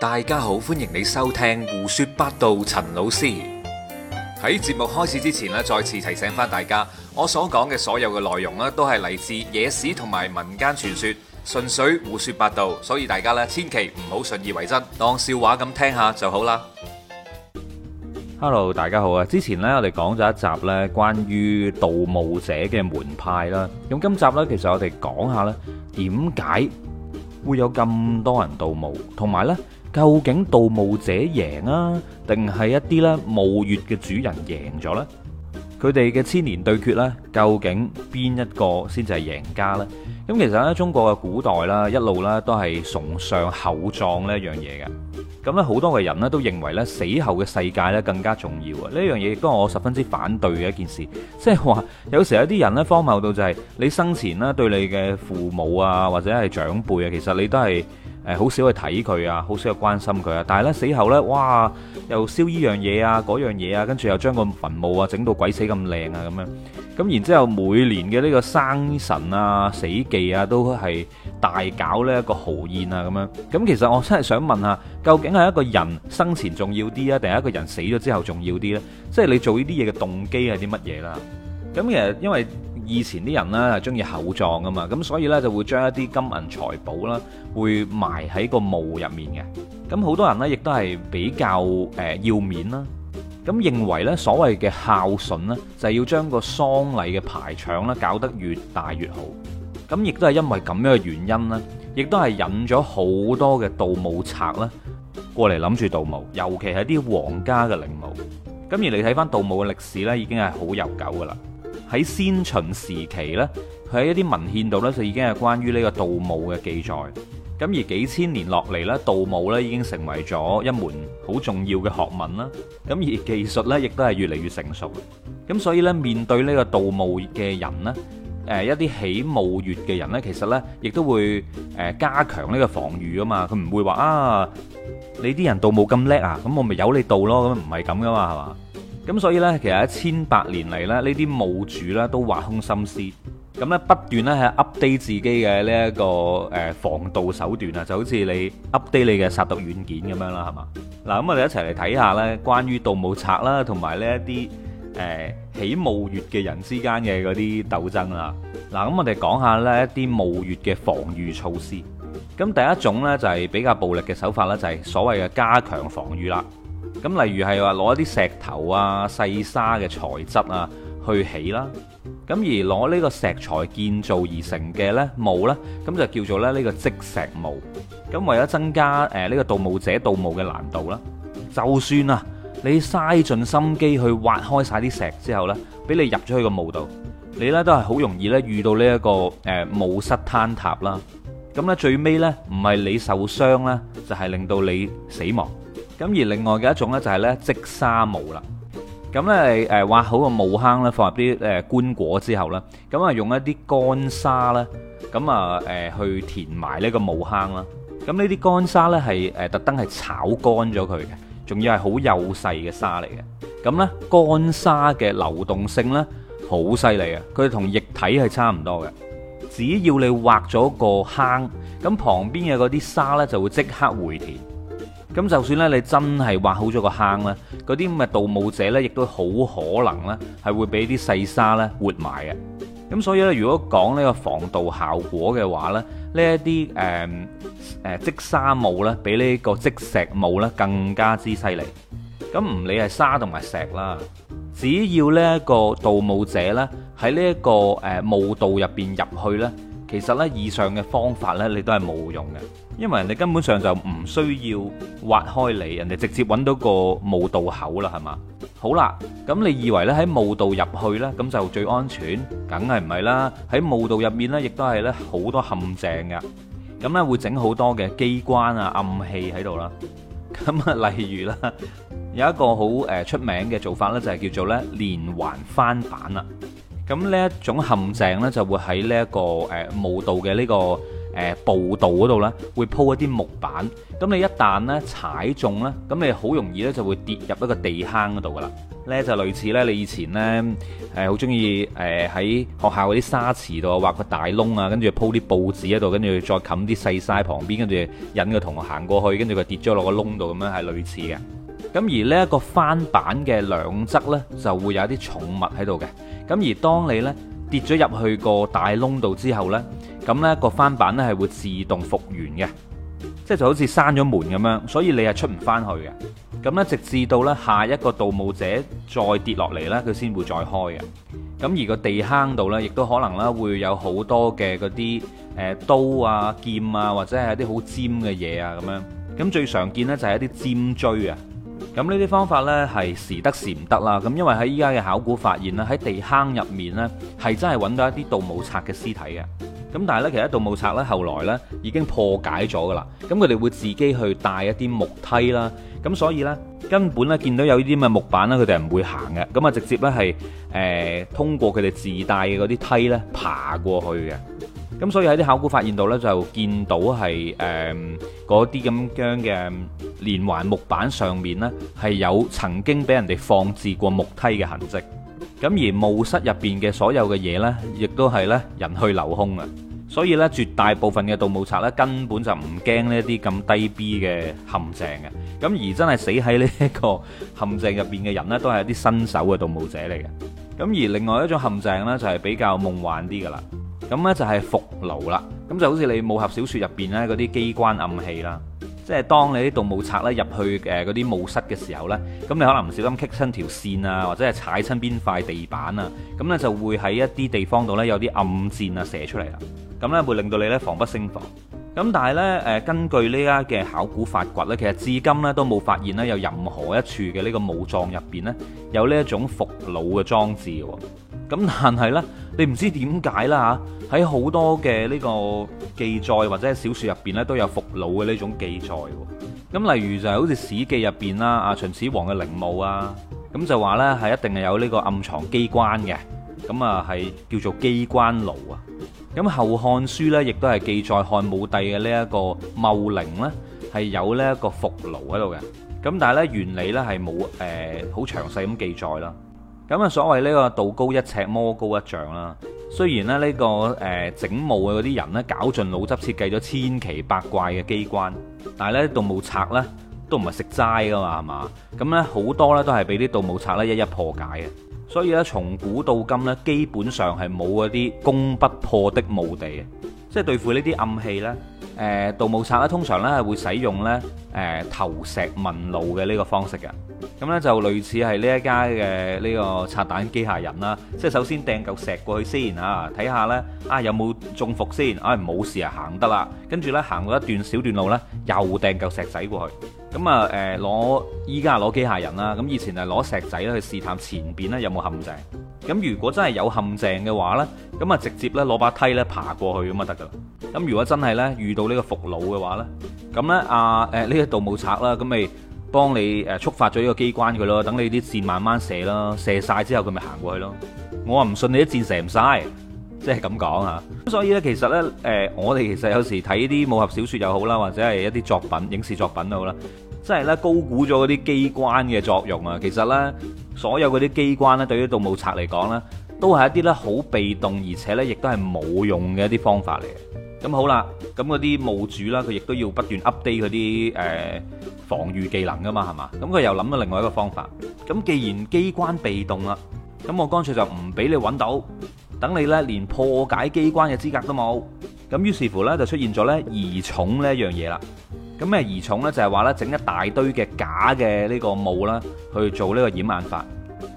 大家好，歡迎你收聽胡說八道。陳老師喺節目開始之前咧，再次提醒翻大家，我所講嘅所有嘅內容咧，都係嚟自野史同埋民間傳說，純粹胡說八道，所以大家咧千祈唔好信以為真，當笑話咁聽下就好啦。Hello，大家好啊！之前咧我哋講咗一集咧關於盜墓者嘅門派啦，咁今集咧其實我哋講下咧點解會有咁多人盜墓，同埋咧。究竟盜墓者贏啊，定係一啲咧墓穴嘅主人贏咗呢？佢哋嘅千年對決呢，究竟邊一個先至係贏家呢？咁其實咧，中國嘅古代啦，一路咧都係崇尚厚葬呢樣嘢嘅。咁咧，好多嘅人呢，都認為呢死後嘅世界呢更加重要啊！呢樣嘢亦都係我十分之反對嘅一件事，即係話有時有啲人呢，荒謬到就係你生前呢，對你嘅父母啊或者係長輩啊，其實你都係。誒好少去睇佢啊，好少去關心佢啊，但係呢，死後呢，哇又燒依樣嘢啊，嗰樣嘢啊，跟住又將個墳墓啊整到鬼死咁靚啊咁樣，咁然之後每年嘅呢個生辰啊、死忌啊都係大搞呢一個豪宴啊咁樣，咁其實我真係想問下，究竟係一個人生前重要啲啊，定係一個人死咗之後重要啲呢？即係你做呢啲嘢嘅動機係啲乜嘢啦？咁其實因為。以前啲人呢，就中意厚葬啊嘛，咁所以呢，就會將一啲金銀財寶啦，會埋喺個墓入面嘅。咁好多人呢，亦都係比較誒要面啦。咁認為呢，所謂嘅孝順呢，就係要將個喪禮嘅排場啦，搞得越大越好。咁亦都係因為咁樣嘅原因呢，亦都係引咗好多嘅盜墓賊啦，過嚟諗住盜墓。尤其係啲皇家嘅陵墓。咁而你睇翻，盜墓嘅歷史呢，已經係好悠久噶啦。喺先秦時期咧，佢喺一啲文獻度咧就已經係關於呢個盜墓嘅記載。咁而幾千年落嚟咧，盜墓咧已經成為咗一門好重要嘅學問啦。咁而技術咧亦都係越嚟越成熟。咁所以咧，面對呢個盜墓嘅人咧，誒一啲起墓穴嘅人咧，其實咧亦都會誒加強呢個防禦啊嘛。佢唔會話啊，你啲人盜墓咁叻啊，咁我咪由你盜咯。咁唔係咁噶嘛，係嘛？咁所以呢，其實喺千百年嚟咧，呢啲墓主呢都挖空心思，咁呢，不斷呢係 update 自己嘅呢一個防盜手段啊，就好似你 update 你嘅殺毒軟件咁樣啦，係嘛？嗱，咁我哋一齊嚟睇下呢關於盜墓賊啦，同埋呢一啲、呃、起墓穴嘅人之間嘅嗰啲鬥爭啦。嗱，咁我哋講下呢一啲墓穴嘅防禦措施。咁第一種呢就係比較暴力嘅手法啦，就係、是、所謂嘅加強防禦啦。咁例如係話攞一啲石頭啊、細沙嘅材質啊去起啦，咁而攞呢個石材建造而成嘅咧墓咧，咁就叫做咧呢個積石墓。咁為咗增加誒呢個盜墓者盜墓嘅難度啦，就算啊你嘥盡心機去挖開晒啲石之後咧，俾你入咗去個墓度，你咧都係好容易咧遇到呢一個誒墓室坍塌啦。咁咧最尾咧唔係你受傷咧，就係令到你死亡。咁而另外嘅一種咧就係咧積沙墓啦，咁咧誒挖好個墓坑咧，放入啲誒棺槨之後咧，咁啊用一啲乾沙咧，咁啊誒去填埋呢個墓坑啦。咁呢啲乾沙咧係誒特登係炒乾咗佢嘅，仲要係好幼細嘅沙嚟嘅。咁咧乾沙嘅流動性咧好犀利呀，佢同液體係差唔多嘅。只要你挖咗個坑，咁旁邊嘅嗰啲沙咧就會即刻回填。咁就算咧，你真係挖好咗個坑咧，嗰啲咁嘅盜墓者咧，亦都好可能咧，係會俾啲細沙咧活埋嘅。咁所以咧，如果講呢個防盜效果嘅話咧，呢一啲誒誒積沙墓咧，比呢個積石墓咧更加之犀利。咁唔理係沙同埋石啦，只要呢一個盜墓者咧喺呢一個誒墓道入邊入去咧。其實呢以上嘅方法呢你都係冇用嘅，因為你根本上就唔需要挖開你，人哋直接揾到個墓道口啦，係嘛？好啦，咁你以為呢喺墓道入去呢，咁就最安全，梗係唔係啦？喺墓道入面呢，亦都係呢好多陷阱㗎。咁呢會整好多嘅機關啊、暗器喺度啦。咁啊，例如啦，有一個好出名嘅做法呢，就係、是、叫做呢連環翻板啦。咁呢一種陷阱呢，就會喺呢一個誒、墓道嘅呢個呃、步道嗰度呢，會鋪一啲木板。咁你一旦呢踩中呢，咁你好容易呢就會跌入一個地坑嗰度噶啦。呢就類似呢，你以前呢，好中意誒喺學校嗰啲沙池度挖個大窿啊，跟住鋪啲報紙喺度，跟住再冚啲細沙喺旁邊，跟住引個同學行過去，跟住佢跌咗落個窿度咁樣，係類似嘅。咁而呢一個翻板嘅兩側呢，就會有啲重物喺度嘅。咁而當你呢跌咗入去個大窿度之後呢，咁呢個翻板呢係會自動復原嘅，即係就好似閂咗門咁樣，所以你係出唔返去嘅。咁呢，直至到呢下一個盜墓者再跌落嚟呢，佢先會再開嘅。咁而個地坑度呢，亦都可能呢會有好多嘅嗰啲誒刀啊、劍啊，或者係一啲好尖嘅嘢啊咁樣。咁最常見呢，就係一啲尖錐啊。咁呢啲方法呢，係時得時唔得啦，咁因為喺依家嘅考古發現呢，喺地坑入面呢，係真係揾到一啲盜墓賊嘅屍體嘅，咁但係呢，其實盜墓賊呢，後來呢已經破解咗噶啦，咁佢哋會自己去帶一啲木梯啦，咁所以呢，根本呢，見到有呢啲咁嘅木板呢，佢哋係唔會行嘅，咁啊直接呢，係誒、呃、通過佢哋自帶嘅嗰啲梯呢，爬過去嘅。咁所以喺啲考古發現度咧，就見到係誒嗰啲咁樣嘅連環木板上面咧，係有曾經俾人哋放置過木梯嘅痕跡。咁而墓室入邊嘅所有嘅嘢咧，亦都係咧人去留空啊。所以咧，絕大部分嘅盜墓賊咧，根本就唔驚呢一啲咁低 B 嘅陷阱嘅。咁而真係死喺呢一個陷阱入邊嘅人咧，都係一啲新手嘅盜墓者嚟嘅。咁而另外一種陷阱咧，就係比較夢幻啲噶啦。咁呢就係伏弩啦，咁就好似你武俠小說入面呢嗰啲機關暗器啦，即係當你啲盜墓賊呢入去誒嗰啲墓室嘅時候呢，咁你可能唔小心棘親條線啊，或者係踩親邊塊地板啊，咁呢就會喺一啲地方度呢有啲暗箭啊射出嚟啦，咁呢會令到你呢防不勝防。咁但係呢，根據呢家嘅考古發掘呢，其實至今呢都冇發現呢有任何一處嘅呢個墓葬入面呢有呢一種復弩嘅裝置喎。咁但係呢，你唔知點解啦吓，喺好多嘅呢個記載或者係小説入面呢都有復弩嘅呢種記載喎。咁例如就係好似《史記》入面啦，阿秦始皇嘅陵墓啊，咁就話呢係一定係有呢個暗藏機關嘅，咁啊係叫做機關弩啊。咁《後漢書》咧，亦都係記載漢武帝嘅呢一個茂陵咧，係有呢一個伏弩喺度嘅。咁但係咧，原理咧係冇誒好詳細咁記載啦。咁啊，所謂呢個道高一尺魔高一丈啦。雖然咧、這、呢個誒、呃、整墓嘅嗰啲人咧，搞盡腦汁設計咗千奇百怪嘅機關，但係咧盜墓賊咧都唔係食齋噶嘛，係嘛？咁咧好多咧都係俾啲盜墓賊咧一一破解嘅。所以咧，從古到今咧，基本上係冇嗰啲攻不破的墓地，即係對付呢啲暗器咧。誒，盜墓賊咧通常咧係會使用咧誒投石問路嘅呢個方式嘅。咁咧就類似係呢一家嘅呢個拆彈機械人啦，即係首先掟嚿石過去先睇下呢啊有冇中伏先，啊冇事啊行得啦，跟住呢，行過一段小段路呢，又掟嚿石仔過去，咁啊攞依家攞機械人啦，咁以前係攞石仔去試探前面呢有冇陷阱，咁、嗯、如果真係有陷阱嘅話呢，咁啊直接呢攞把梯咧爬過去咁就得噶啦，咁、嗯、如果真係呢遇到呢個伏弩嘅話呢，咁呢啊呢個盜墓賊啦，咁咪～幫你誒觸發咗呢個機關佢咯，等你啲箭慢慢射咯，射晒之後佢咪行過去咯。我唔信你啲箭射唔晒，即係咁講。咁所以呢，其實呢，誒，我哋其實有時睇啲武俠小説又好啦，或者係一啲作品、影視作品都好啦，即係咧高估咗嗰啲機關嘅作用啊。其實呢，所有嗰啲機關呢對於盜墓賊嚟講呢，都係一啲呢好被動而且呢亦都係冇用嘅一啲方法嚟。咁好啦，咁嗰啲墓主啦，佢亦都要不斷 update 嗰啲防禦技能噶嘛，係嘛？咁佢又諗到另外一個方法。咁既然機關被動啦，咁我乾脆就唔俾你揾到，等你呢連破解機關嘅資格都冇。咁於是乎呢，就出現咗呢疑冢呢一樣嘢啦。咁咩疑冢呢？就係話呢，整一大堆嘅假嘅呢個墓啦，去做呢個掩眼法。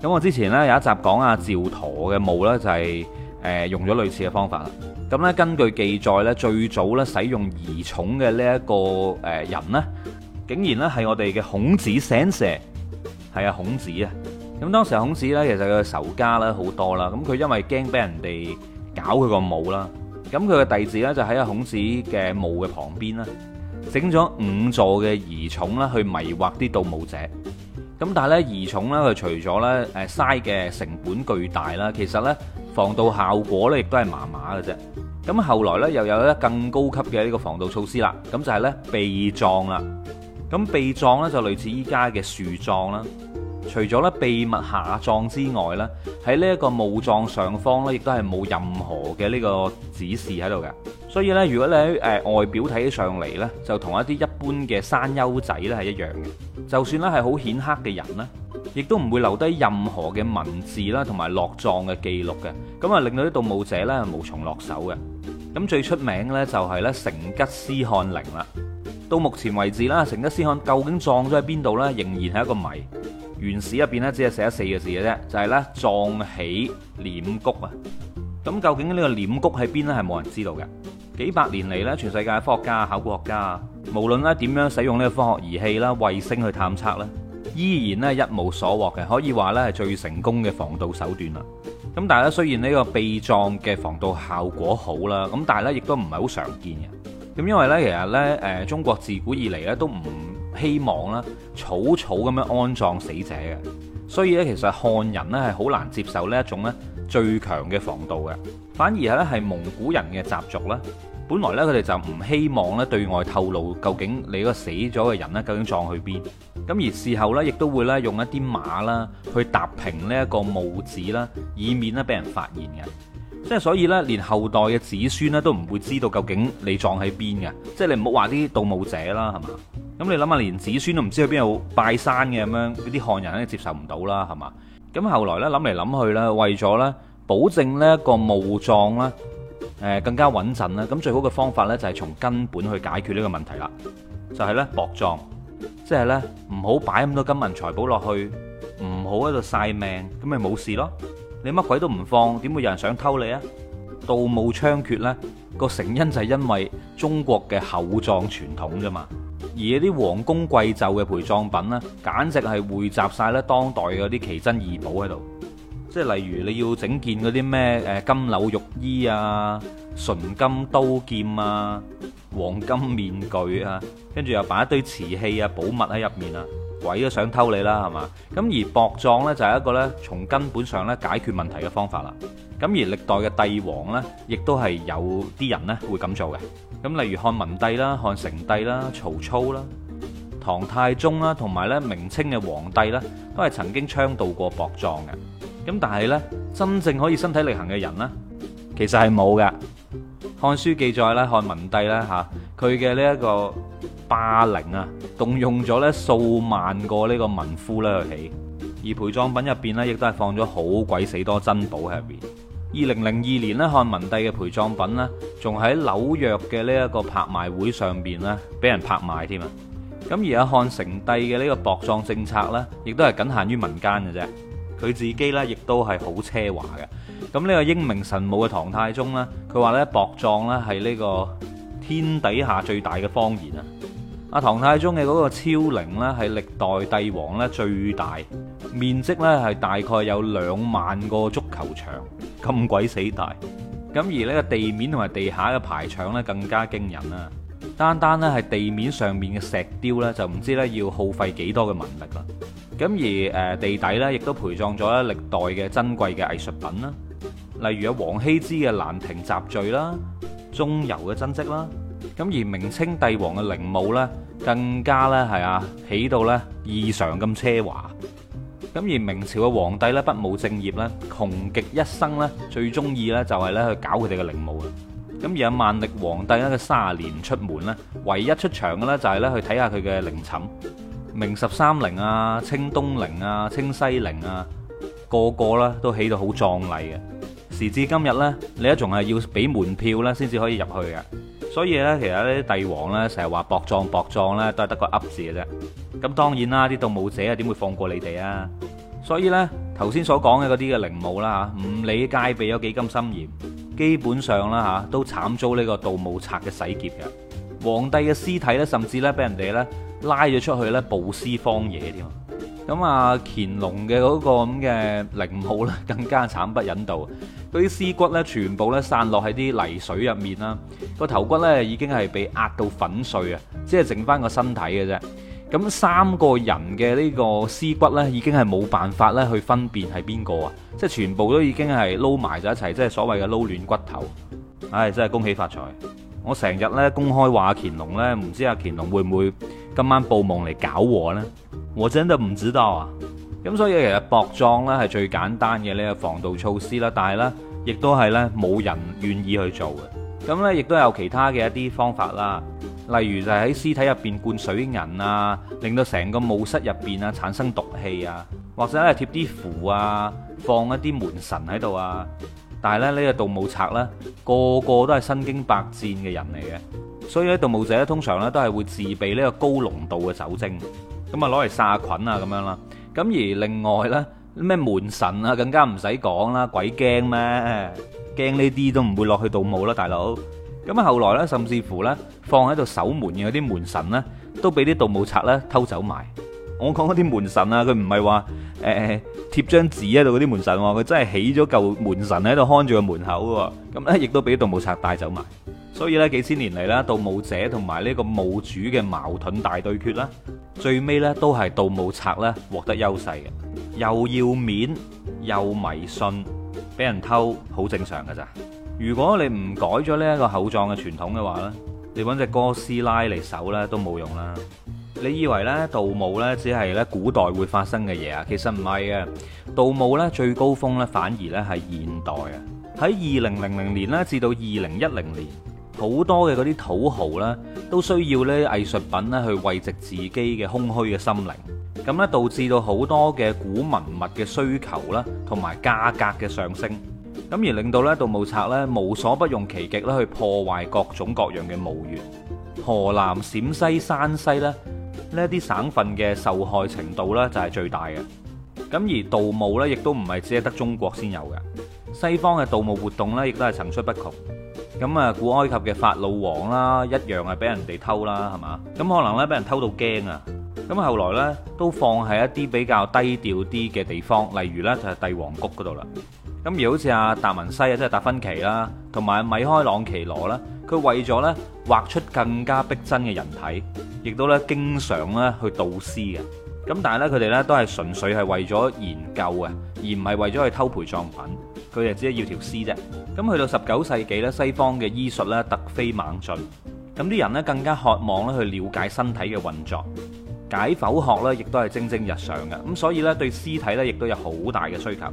咁我之前呢，有一集講阿趙佗嘅墓呢，就係、是。誒用咗類似嘅方法啦，咁咧根據記載咧，最早咧使用疑冢嘅呢一個誒人咧，竟然咧係我哋嘅孔子先生，係啊孔子啊，咁當時孔子咧其實佢仇家咧好多啦，咁佢因為驚俾人哋搞佢個墓啦，咁佢嘅弟子咧就喺孔子嘅墓嘅旁邊咧，整咗五座嘅疑冢啦去迷惑啲盜墓者，咁但係咧疑冢咧佢除咗咧誒嘥嘅成本巨大啦，其實咧。防盜效果咧亦都係麻麻嘅啫，咁後來呢，又有咧更高級嘅呢個防盜措施啦，咁就係、是、呢，秘葬啦，咁秘葬呢就類似依家嘅樹葬啦，除咗呢秘密下葬之外呢，喺呢一個墓葬上方呢，亦都係冇任何嘅呢個指示喺度嘅。所以咧，如果你喺誒外表睇起上嚟咧，就同一啲一般嘅山丘仔咧係一樣嘅。就算咧係好顯赫嘅人呢，亦都唔會留低任何嘅文字啦，同埋落葬嘅記錄嘅。咁啊，令到啲盜墓者咧無從落手嘅。咁最出名咧就係咧成吉思汗陵啦。到目前為止啦，成吉思汗究竟葬咗喺邊度咧，仍然係一個謎。《元史》入面咧只係寫咗四個字嘅啫，就係咧葬喺起輦谷啊。咁究竟呢個輦谷喺邊咧，係冇人知道嘅。幾百年嚟咧，全世界嘅科學家、考古學家，無論咧點樣使用呢個科學儀器啦、衛星去探測咧，依然咧一無所獲嘅。可以話咧係最成功嘅防盜手段啦。咁但係咧，雖然呢個秘葬嘅防盜效果好啦，咁但係咧亦都唔係好常見嘅。咁因為咧，其實咧，誒中國自古以嚟咧都唔希望咧草草咁樣安葬死者嘅，所以咧其實漢人咧係好難接受呢一種咧最強嘅防盜嘅，反而係咧係蒙古人嘅習俗啦。本來咧，佢哋就唔希望咧對外透露究竟你嗰個死咗嘅人咧究竟葬去邊。咁而事後咧，亦都會咧用一啲馬啦去踏平呢一個墓址啦，以免咧俾人發現嘅。即係所以咧，連後代嘅子孫咧都唔會知道究竟你葬喺邊嘅。即係你唔好話啲盜墓者啦，係嘛？咁你諗下，連子孫都唔知道去邊度拜山嘅咁樣，嗰啲漢人肯定接受唔到啦，係嘛？咁後來咧諗嚟諗去咧，為咗咧保證呢一個墓葬咧。誒更加穩陣啦，咁最好嘅方法呢，就係從根本去解決呢個問題啦，就係呢薄葬，即係呢唔好擺咁多金銀財寶落去，唔好喺度晒命，咁咪冇事咯。你乜鬼都唔放，點會有人想偷你啊？盜墓猖獗呢個成因就係因為中國嘅厚葬傳統啫嘛。而一啲皇宮貴胄嘅陪葬品呢，簡直係匯集晒咧當代嗰啲奇珍異寶喺度。即係例如你要整件嗰啲咩誒金縷玉衣啊、純金刀劍啊、黃金面具啊，跟住又擺一堆瓷器啊寶物喺入面啊，鬼都想偷你啦係嘛？咁而薄葬呢，就係一個呢從根本上呢解決問題嘅方法啦。咁而歷代嘅帝王呢，亦都係有啲人呢會咁做嘅。咁例如漢文帝啦、漢成帝啦、曹操啦、唐太宗啦，同埋呢明清嘅皇帝呢，都係曾經倡導過薄葬嘅。咁但係呢，真正可以身體力行嘅人呢，其實係冇嘅。漢書記載呢，漢文帝呢，佢嘅呢一個霸陵啊，動用咗呢數萬個呢個民夫咧去起，而陪葬品入面呢，亦都係放咗好鬼死多珍寶喺入面。二零零二年呢，漢文帝嘅陪葬品呢，仲喺紐約嘅呢一個拍賣會上面呢，俾人拍賣添啊！咁而家漢成帝嘅呢個薄葬政策呢，亦都係僅限於民間嘅啫。佢自己呢亦都係好奢華嘅。咁呢個英明神武嘅唐太宗呢，佢話呢薄葬呢係呢個天底下最大嘅謊言啊！阿唐太宗嘅嗰個昭陵呢，係歷代帝王呢最大面積呢，係大概有兩萬個足球場咁鬼死大。咁而呢個地面同埋地下嘅排場呢，更加驚人啦！單單呢係地面上面嘅石雕呢，就唔知呢要耗費幾多嘅民力啦。咁而誒地底咧，亦都陪葬咗咧歷代嘅珍貴嘅藝術品啦，例如有王羲之嘅《蘭亭集序》啦，鍾繇嘅珍跡啦。咁而明清帝王嘅陵墓咧，更加咧係啊，起到咧異常咁奢華。咁而明朝嘅皇帝咧，不務正業咧，窮極一生咧，最中意咧就係咧去搞佢哋嘅陵墓啊。咁而有萬曆皇帝咧佢卅年出門咧，唯一出場嘅咧就係咧去睇下佢嘅陵寢。明十三陵啊，清東陵啊，清西陵啊，個個都起到好壯麗嘅。時至今日呢，你一仲係要俾門票咧，先至可以入去嘅。所以呢，其實呢啲帝王呢，成日話薄葬薄葬呢，都係得個噏字嘅啫。咁當然啦，啲盜墓者啊，點會放過你哋啊？所以呢，頭先所講嘅嗰啲嘅陵墓啦，吓，唔理戒備有幾咁森嚴，基本上啦吓，都慘遭呢個盜墓賊嘅洗劫嘅。皇帝嘅屍體呢，甚至呢，俾人哋呢。拉咗出去呢，暴屍荒野添。咁啊，乾隆嘅嗰個咁嘅陵墓呢，更加慘不忍睹。嗰啲屍骨呢，全部呢散落喺啲泥水入面啦。個頭骨呢，已經係被壓到粉碎啊，即係剩翻個身體嘅啫。咁三個人嘅呢個屍骨呢，已經係冇辦法呢去分辨係邊個啊，即係全部都已經係撈埋咗一齊，即係所謂嘅撈亂骨頭。唉，真係恭喜發財！我成日咧公開話乾隆咧，唔知阿乾隆會唔會今晚報夢嚟搞我呢？我真都唔知道啊！咁所以其實薄葬咧係最簡單嘅呢個防盜措施啦，但係咧亦都係咧冇人願意去做嘅。咁咧亦都有其他嘅一啲方法啦，例如就係喺屍體入邊灌水銀啊，令到成個墓室入邊啊產生毒氣啊，或者咧貼啲符啊，放一啲門神喺度啊。但係咧，呢個盜墓賊咧，個個都係身經百戰嘅人嚟嘅，所以咧，盜墓者咧通常咧都係會自備呢個高濃度嘅酒精，咁啊攞嚟殺下菌啊咁樣啦。咁而另外咧，咩門神啊，更加唔使講啦，鬼驚咩？驚呢啲都唔會落去盜墓啦，大佬。咁啊，後來咧，甚至乎咧，放喺度守門嘅嗰啲門神咧，都俾啲盜墓賊咧偷走埋。我講嗰啲門神啊，佢唔係話誒貼張紙喺度嗰啲門神，佢真係起咗嚿門神喺度看住個門口。咁咧亦都俾盜墓賊帶走埋。所以咧，幾千年嚟啦，盜墓者同埋呢個墓主嘅矛盾大對決啦，最尾咧都係盜墓賊咧獲得優勢嘅。又要面又迷信，俾人偷好正常㗎咋。如果你唔改咗呢一個厚葬嘅傳統嘅話咧，你搵隻哥斯拉嚟守咧都冇用啦。你以為呢盜墓呢只係呢古代會發生嘅嘢啊？其實唔係嘅，盜墓呢最高峰呢反而呢係現代啊！喺二零零零年呢至到二零一零年，好多嘅嗰啲土豪呢都需要呢藝術品呢去慰藉自己嘅空虛嘅心靈，咁呢導致到好多嘅古文物嘅需求啦，同埋價格嘅上升，咁而令到呢盜墓賊呢無所不用其極啦，去破壞各種各樣嘅墓穴。河南、陝西、山西呢。呢啲省份嘅受害程度呢就係最大嘅，咁而盜墓呢，亦都唔係只係得中國先有嘅，西方嘅盜墓活動呢，亦都係層出不窮，咁啊古埃及嘅法老王啦，一樣係俾人哋偷啦，係嘛？咁可能呢，俾人偷到驚啊，咁後來呢，都放喺一啲比較低調啲嘅地方，例如呢，就係帝王谷嗰度啦。咁而好似阿達文西啊，即係達芬奇啦，同埋米開朗奇羅啦，佢為咗咧畫出更加逼真嘅人體，亦都咧經常咧去盜屍嘅。咁但係咧佢哋咧都係純粹係為咗研究嘅，而唔係為咗去偷陪葬品。佢哋只係要條屍啫。咁去到十九世紀咧，西方嘅醫術咧突飛猛進，咁啲人咧更加渴望咧去了解身體嘅運作，解剖學咧亦都係蒸蒸日上嘅。咁所以咧對屍體咧亦都有好大嘅需求。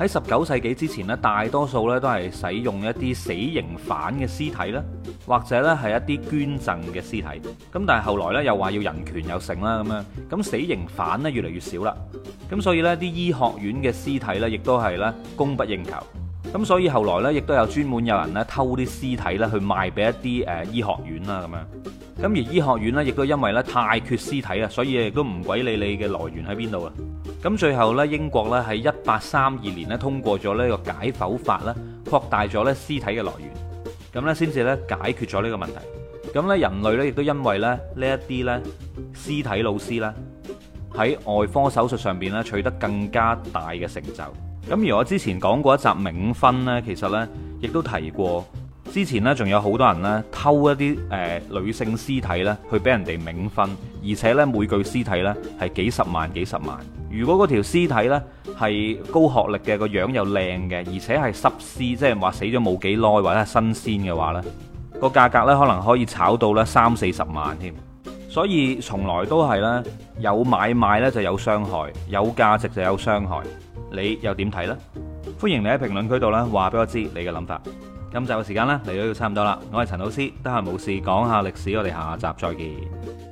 喺十九世紀之前咧，大多數咧都係使用一啲死刑犯嘅屍體咧，或者咧係一啲捐贈嘅屍體。咁但係後來咧又話要人權又成啦咁樣，咁死刑犯咧越嚟越少啦。咁所以咧啲醫學院嘅屍體咧亦都係咧供不應求。咁所以後來咧亦都有專門有人咧偷啲屍體啦，去賣俾一啲誒醫學院啦咁樣。咁而醫學院咧亦都因為咧太缺屍體啊，所以亦都唔鬼理你嘅來源喺邊度啊！咁最後咧，英國咧喺一八三二年咧通過咗呢個解剖法啦，擴大咗咧屍體嘅來源，咁咧先至咧解決咗呢個問題。咁咧人類咧亦都因為咧呢一啲咧屍體老師咧喺外科手術上面咧取得更加大嘅成就。咁而我之前講過一集冥婚咧，其實咧亦都提過之前咧仲有好多人咧偷一啲誒女性屍體咧去俾人哋冥婚，而且咧每具屍體咧係幾十萬幾十萬。如果嗰條屍體咧係高學歷嘅，個樣又靚嘅，而且係濕屍，即係話死咗冇幾耐或者係新鮮嘅話，呢個價格呢可能可以炒到咧三四十萬添。所以從來都係呢：有買賣呢就有傷害，有價值就有傷害。你又點睇呢？歡迎你喺評論區度呢話俾我知你嘅諗法。今集嘅時間呢，嚟到要差唔多啦，我係陳老師，得閒冇事講下歷史，我哋下集再見。